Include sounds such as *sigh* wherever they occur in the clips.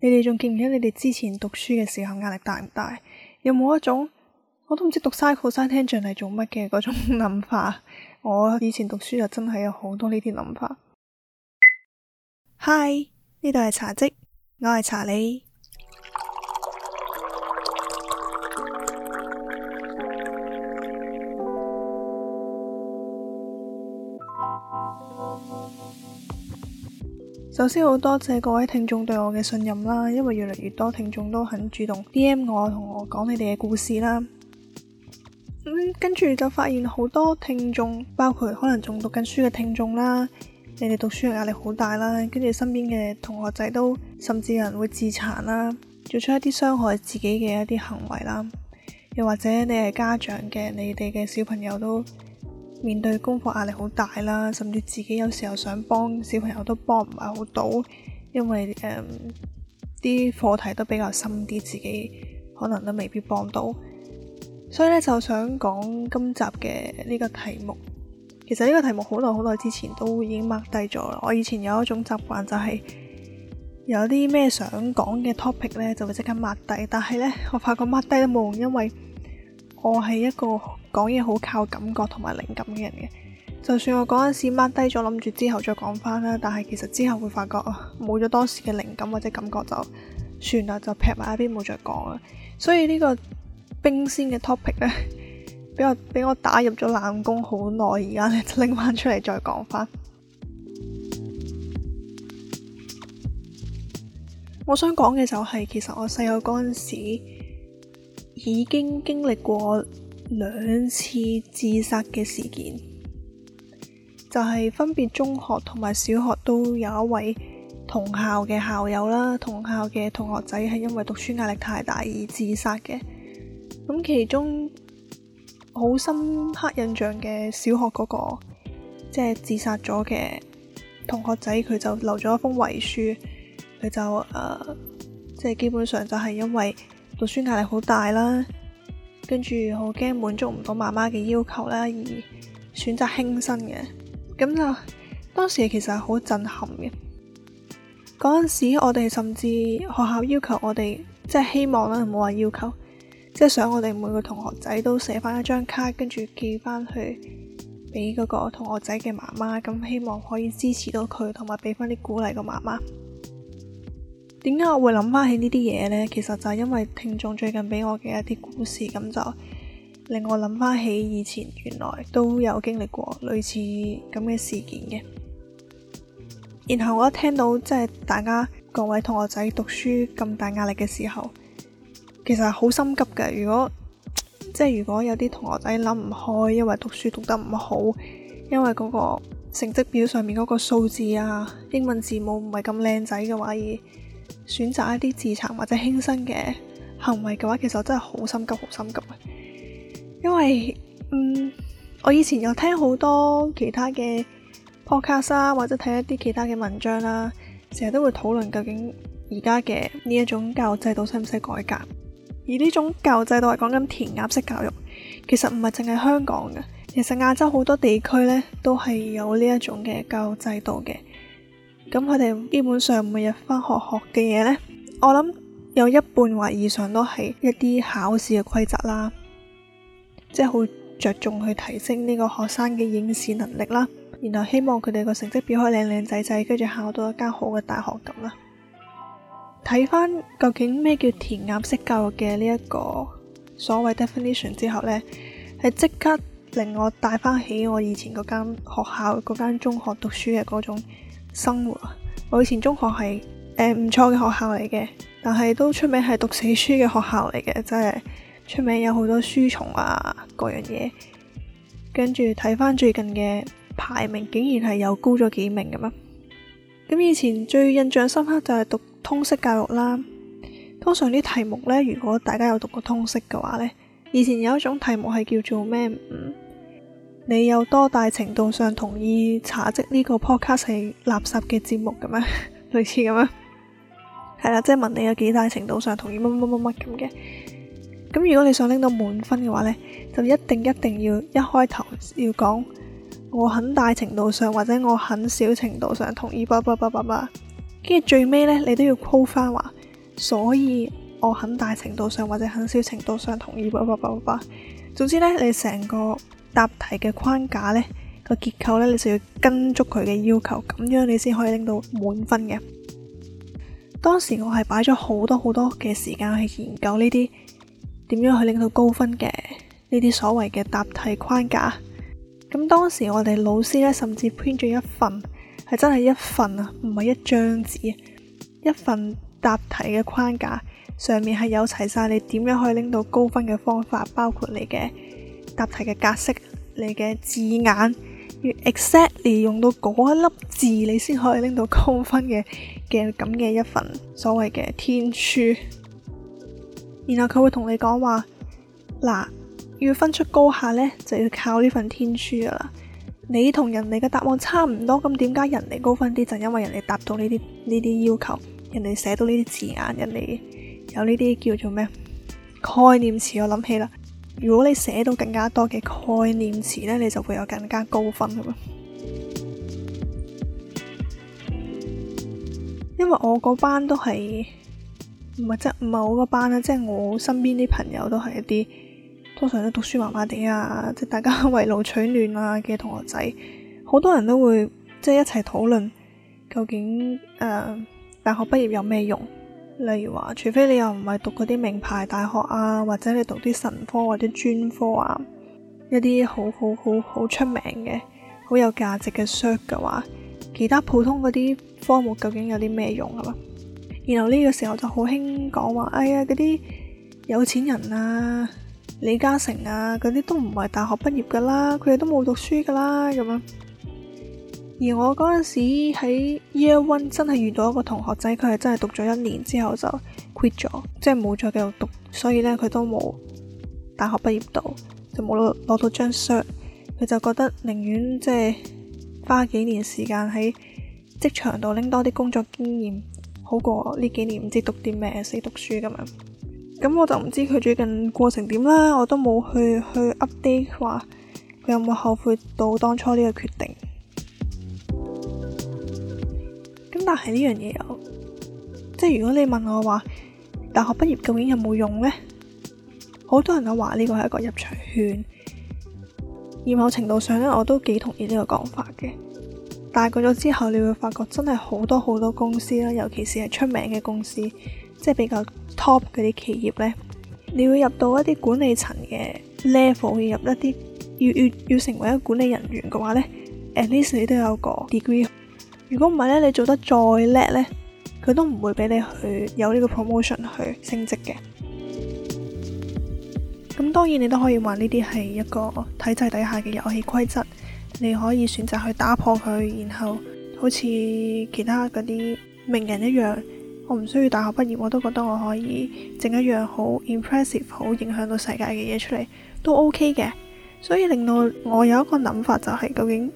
你哋仲記唔記得你哋之前讀書嘅時候壓力大唔大？有冇一種我都唔知讀嘥課、嘥聽像係做乜嘅嗰種諗法？我以前讀書就真係有好多呢啲諗法。嗨，呢度係茶寂，我係查理。首先好多謝各位聽眾對我嘅信任啦，因為越嚟越多聽眾都很主動 DM 我同我講你哋嘅故事啦。嗯，跟住就發現好多聽眾，包括可能仲讀緊書嘅聽眾啦，你哋讀書嘅壓力好大啦，跟住身邊嘅同學仔都甚至有人會自殘啦，做出一啲傷害自己嘅一啲行為啦，又或者你係家長嘅，你哋嘅小朋友都。面對功課壓力好大啦，甚至自己有時候想幫小朋友都幫唔埋好到，因為誒啲課題都比較深啲，自己可能都未必幫到。所以咧就想講今集嘅呢個題目。其實呢個題目好耐好耐之前都已經抹低咗啦。我以前有一種習慣就係、是、有啲咩想講嘅 topic 呢，就會即刻抹低。但係呢，我發覺抹低都冇，因為。我係一個講嘢好靠感覺同埋靈感嘅人嘅，就算我嗰陣時 mark 低咗，諗住之後再講翻啦，但係其實之後會發覺啊，冇咗當時嘅靈感或者感覺就，就算啦，就劈埋一邊，冇再講啦。所以呢個冰鮮嘅 topic 咧，俾 *laughs* 我俾我打入咗冷宮好耐，而家拎翻出嚟再講翻。我想講嘅就係，其實我細個嗰陣時。已經經歷過兩次自殺嘅事件，就係分別中學同埋小學都有一位同校嘅校友啦，同校嘅同學仔係因為讀書壓力太大而自殺嘅。咁其中好深刻印象嘅小學嗰個，即係自殺咗嘅同學仔，佢就留咗一封遺書，佢就誒，即係基本上就係因為。讀書壓力好大啦，跟住好驚滿足唔到媽媽嘅要求啦，而選擇輕生嘅，咁就當時其實係好震撼嘅。嗰陣時我哋甚至學校要求我哋，即係希望啦，唔好話要求，即係想我哋每個同學仔都寫翻一張卡，跟住寄翻去俾嗰個同學仔嘅媽媽，咁希望可以支持到佢，同埋俾翻啲鼓勵個媽媽。點解我會諗翻起呢啲嘢呢？其實就係因為聽眾最近俾我嘅一啲故事，咁就令我諗翻起以前原來都有經歷過類似咁嘅事件嘅。然後我一聽到即係大家各位同學仔讀書咁大壓力嘅時候，其實好心急嘅。如果即係如果有啲同學仔諗唔開，因為讀書讀得唔好，因為嗰個成績表上面嗰個數字啊、英文字母唔係咁靚仔嘅話，而選擇一啲自殘或者輕生嘅行為嘅話，其實我真係好心急，好心急嘅。因為，嗯，我以前有聽好多其他嘅 podcast 啊，或者睇一啲其他嘅文章啦、啊，成日都會討論究竟而家嘅呢一種教育制度使唔使改革？而呢種教育制度係講緊填鴨式教育，其實唔係淨係香港嘅，其實亞洲好多地區呢，都係有呢一種嘅教育制度嘅。咁佢哋基本上每日翻學學嘅嘢呢，我諗有一半或以上都係一啲考試嘅規則啦，即係好着重去提升呢個學生嘅應試能力啦。然後希望佢哋個成績表開靚靚仔仔，跟住考到一間好嘅大學咁啦。睇翻究竟咩叫填鴨式教育嘅呢一個所謂 definition 之後呢，係即刻令我帶翻起我以前嗰間學校嗰間中學讀書嘅嗰種。生活，我以前中學係誒唔錯嘅學校嚟嘅，但係都出名係讀死書嘅學校嚟嘅，真係出名有好多書蟲啊各樣嘢，跟住睇翻最近嘅排名，竟然係又高咗幾名嘅咩？咁以前最印象深刻就係讀通識教育啦，通常啲題目呢，如果大家有讀過通識嘅話呢，以前有一種題目係叫做咩？你有多大程度上同意茶寂呢個 podcast 係垃圾嘅節目嘅咩？ *laughs* 類似嘅的咩？係 *laughs* 啦，即係問你有幾大程度上同意乜乜乜乜咁嘅。咁如果你想拎到滿分嘅話呢，就一定一定要一開頭要講，我很大程度上或者我很小程度上同意。叭叭叭叭叭，跟住最尾呢，你都要 call 翻話，所以我很大程度上或者很小程度上同意。叭叭叭叭叭，總之呢，你成個。答題嘅框架，呢個結構呢，你就要跟足佢嘅要求，咁樣你先可以拎到滿分嘅。當時我係擺咗好多好多嘅時間去研究呢啲點樣去拎到高分嘅呢啲所謂嘅答題框架。咁當時我哋老師呢，甚至編咗一份，係真係一份啊，唔係一張紙，一份答題嘅框架，上面係有齊晒你點樣可以拎到高分嘅方法，包括你嘅答題嘅格式。你嘅字眼，要 exactly 用到嗰一粒字，你先可以拎到高分嘅。嘅咁嘅一份所謂嘅天書。然後佢會同你講話，嗱，要分出高下呢，就要靠呢份天書㗎啦。你同人哋嘅答案差唔多，咁點解人哋高分啲？就因為人哋達到呢啲呢啲要求，人哋寫到呢啲字眼，人哋有呢啲叫做咩概念詞？我諗起啦。如果你寫到更加多嘅概念詞呢，你就會有更加高分。因為我嗰班都係唔係，即唔係我嗰班啦，即係我身邊啲朋友都係一啲，通常都讀書麻麻地啊，即係大家圍爐取暖啊嘅同學仔，好多人都會即係一齊討論，究竟誒大學畢業有咩用？例如話，除非你又唔係讀嗰啲名牌大學啊，或者你讀啲神科或者專科啊，一啲好好好好出名嘅、好有價值嘅 shop 嘅話，其他普通嗰啲科目究竟有啲咩用啊？然後呢個時候就好興講話，哎呀嗰啲有錢人啊、李嘉誠啊嗰啲都唔係大學畢業噶啦，佢哋都冇讀書噶啦咁樣。而我嗰陣時喺 Year one 真係遇到一個同學仔，佢係真係讀咗一年之後就 quit 咗，即係冇再繼續讀，所以呢，佢都冇大學畢業到，就冇攞到張 cert，佢就覺得寧願即係花幾年時間喺職場度拎多啲工作經驗，好過呢幾年唔知讀啲咩死讀書咁樣。咁我就唔知佢最近過成點啦，我都冇去去 update 話佢有冇後悔到當初呢個決定。但係呢樣嘢有，即係如果你問我話，大學畢業究竟有冇用呢？好多人都話呢個係一個入場券，而某程度上呢，我都幾同意呢個講法嘅。大個咗之後，你會發覺真係好多好多公司啦，尤其是係出名嘅公司，即係比較 top 嗰啲企業呢，你會入到一啲管理層嘅 level，要入一啲，要要要成為一個管理人員嘅話呢，at least 你都有個 degree。如果唔係咧，你做得再叻咧，佢都唔會俾你去有呢個 promotion 去升職嘅。咁當然你都可以話呢啲係一個體制底下嘅遊戲規則，你可以選擇去打破佢，然後好似其他嗰啲名人一樣，我唔需要大學畢業，我都覺得我可以整一樣好 impressive 好影響到世界嘅嘢出嚟都 OK 嘅。所以令到我有一個諗法，就係，就係究竟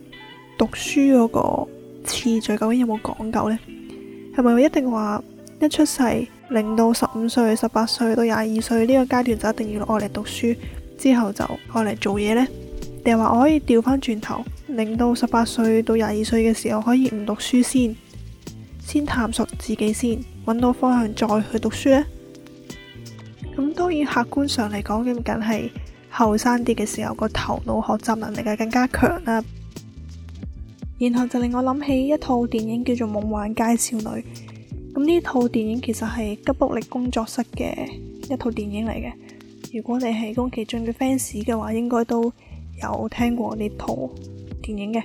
讀書嗰、嗰個。次序究竟有冇講究呢？係咪會一定話一出世零到十五歲、十八歲到廿二歲呢個階段就一定要攞嚟讀書，之後就攞嚟做嘢呢？定係話我可以調返轉頭，零到十八歲到廿二歲嘅時候可以唔讀書先，先探索自己先，揾到方向再去讀書呢？咁當然客觀上嚟講，咁梗係後生啲嘅時候個頭腦學習能力係更加強啦。然後就令我諗起一套電影叫做《夢幻街少女》，咁呢套電影其實係吉卜力工作室嘅一套電影嚟嘅。如果你係宮崎駿嘅 fans 嘅話，應該都有聽過呢套電影嘅。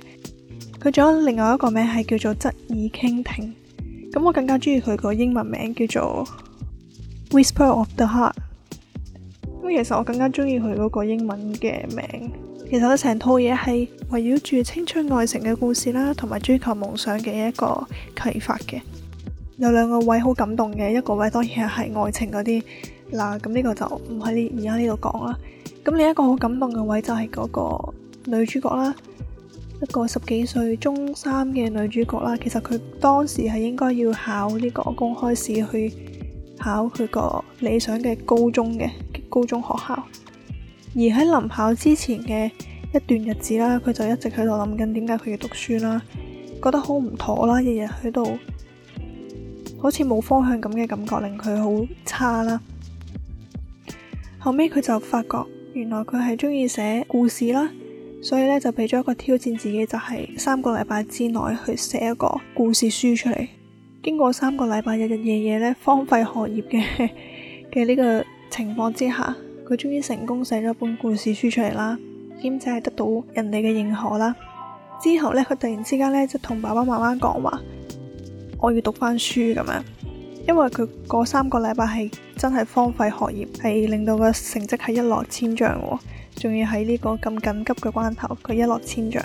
佢仲有另外一個名係叫做《側耳傾聽》，咁、嗯、我更加中意佢個英文名叫做《Whisper of the Heart》。咁、嗯、其實我更加中意佢嗰個英文嘅名。其實我成套嘢係圍繞住青春愛情嘅故事啦，同埋追求夢想嘅一個啟發嘅。有兩個位好感動嘅，一個位當然係愛情嗰啲，嗱，咁呢個就唔喺而家呢度講啦。咁另一個好感動嘅位就係嗰個女主角啦，一個十幾歲中三嘅女主角啦。其實佢當時係應該要考呢個公開試去考佢個理想嘅高中嘅高中學校。而喺臨考之前嘅一段日子啦，佢就一直喺度諗緊點解佢要讀書啦，覺得好唔妥啦，日日喺度好似冇方向咁嘅感覺，令佢好差啦。後尾，佢就發覺，原來佢係中意寫故事啦，所以咧就俾咗一個挑戰自己，就係三個禮拜之內去寫一個故事書出嚟。經過三個禮拜日日夜夜咧荒廢學業嘅嘅呢個情況之下。佢終於成功寫咗本故事書出嚟啦，兼且係得到人哋嘅認可啦。之後咧，佢突然之間咧就同爸爸媽媽講話：我要讀翻書咁樣，因為佢嗰三個禮拜係真係荒廢學業，係令到個成績係一落千丈。仲要喺呢個咁緊急嘅關頭，佢一落千丈。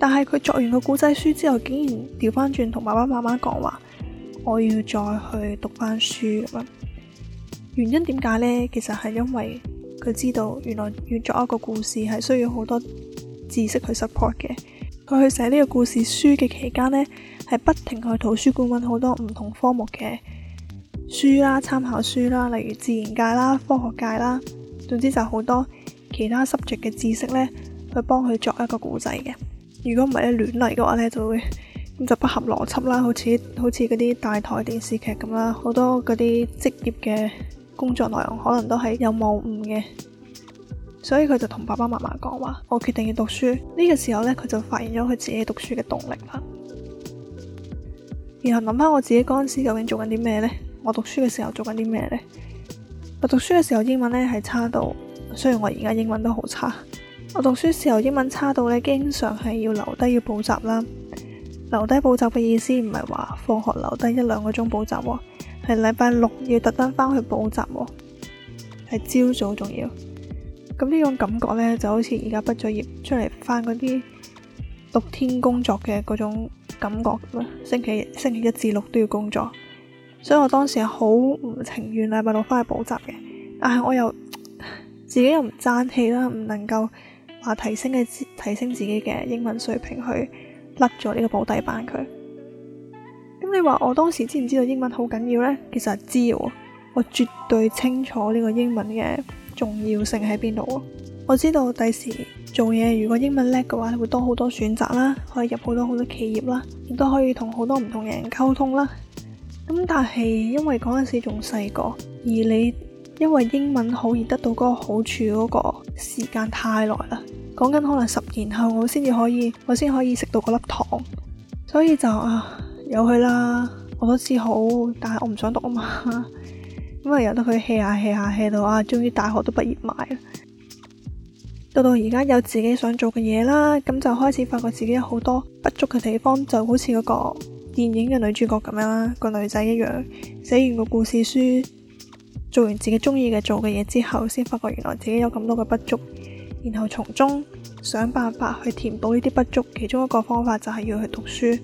但係佢作完個古仔書之後，竟然調翻轉同爸爸媽媽講話：我要再去讀翻書咁樣。原因點解呢？其實係因為佢知道原來要作一個故事係需要好多知識去 support 嘅。佢去寫呢個故事書嘅期間呢，係不停去圖書館揾好多唔同科目嘅書啦、參考書啦，例如自然界啦、科學界啦，總之就好多其他 subject 嘅知識呢，去幫佢作一個故仔嘅。如果唔係咧，亂嚟嘅話呢，就會咁就不合邏輯啦，好似好似嗰啲大台電視劇咁啦，好多嗰啲職業嘅。工作內容可能都係有冇誤嘅，所以佢就同爸爸媽媽講話：我決定要讀書。呢個時候呢，佢就發現咗佢自己讀書嘅動力啦。然後諗翻我自己嗰陣時究竟做緊啲咩呢？我讀書嘅時候做緊啲咩呢？我讀書嘅時候英文呢係差到，雖然我而家英文都好差。我讀書時候英文差到呢，經常係要留低要補習啦。留低補習嘅意思唔係話放學留低一兩個鐘補習喎。係禮拜六要特登翻去補習喎，係朝早仲要。咁呢種感覺咧就好似而家畢咗業出嚟翻嗰啲六天工作嘅嗰種感覺咁啊，星期，星期一至六都要工作，所以我當時係好唔情願禮拜六翻去補習嘅，但係我又自己又唔爭氣啦，唔能夠話提升嘅提升自己嘅英文水平去甩咗呢個補底班佢。你話我當時知唔知道英文好緊要呢？其實知嘅，我絕對清楚呢個英文嘅重要性喺邊度。我知道第時做嘢，如果英文叻嘅話，會多好多選擇啦，可以入好多好多企業啦，亦都可以同好多唔同嘅人溝通啦。咁但係因為嗰陣時仲細個，而你因為英文好而得到嗰個好處嗰個時間太耐啦，講緊可能十年後我先至可以，我先可以食到嗰粒糖，所以就啊。呃有佢啦，我都知好，但係我唔想讀啊嘛。咁 *laughs* 啊，由得佢 hea 下 hea 下 hea 到啊，終於大學都畢業埋啦。到到而家有自己想做嘅嘢啦，咁就開始發覺自己有好多不足嘅地方，就好似嗰個電影嘅女主角咁樣啦，個女仔一樣，寫完個故事書，做完自己中意嘅做嘅嘢之後，先發覺原來自己有咁多嘅不足，然後從中想辦法去填補呢啲不足。其中一個方法就係要去讀書。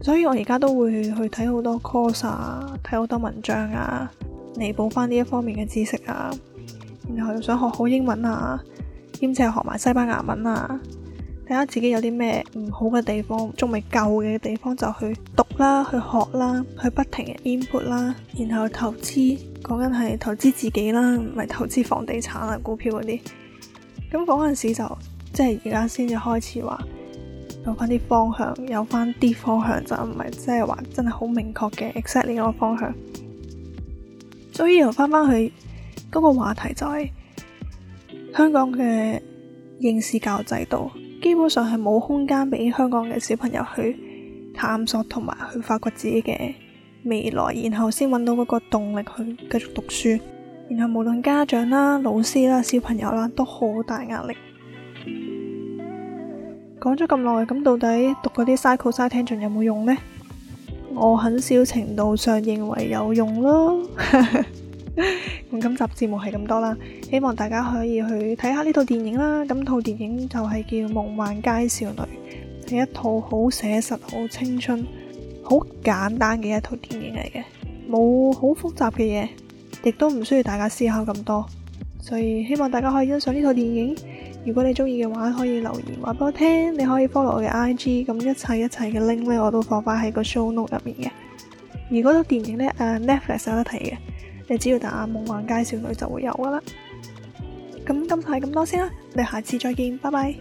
所以我而家都會去睇好多 course 啊，睇好多文章啊，彌補翻呢一方面嘅知識啊。然後又想學好英文啊，兼且學埋西班牙文啊。睇下自己有啲咩唔好嘅地方，仲未夠嘅地方就去讀啦，去學啦，去不停嘅 input 啦。然後投資講緊係投資自己啦，唔係投資房地產啊、股票嗰啲。咁嗰陣時就即係而家先至開始話。有翻啲方向，有翻啲方向，就唔係即係話真係好明確嘅 exactly 嗰個方向。所以又翻返去嗰個話題就係、是、香港嘅應試教育制度，基本上係冇空間俾香港嘅小朋友去探索同埋去發掘自己嘅未來，然後先揾到嗰個動力去繼續讀書。然後無論家長啦、老師啦、小朋友啦，都好大壓力。講咗咁耐，咁到底讀嗰啲 c y c h o s y t i n 仲有冇用呢？我很少程度上認為有用咯。 *laughs* 咁今集節目係咁多啦，希望大家可以去睇下呢套電影啦。咁套電影就係叫《夢幻街少女》，係一套好寫實、好青春、好簡單嘅一套電影嚟嘅，冇好複雜嘅嘢，亦都唔需要大家思考咁多。所以希望大家可以欣賞呢套電影。如果你中意嘅話，可以留言話俾我聽。你可以 follow 我嘅 IG，咁一切一切嘅 link 咧，我都放翻喺個 show note 入面嘅。而嗰套電影咧，誒、啊、Netflix 有得睇嘅，你只要打《夢幻街少女》就會有噶啦。咁今集係咁多先啦，你下次再見，拜拜。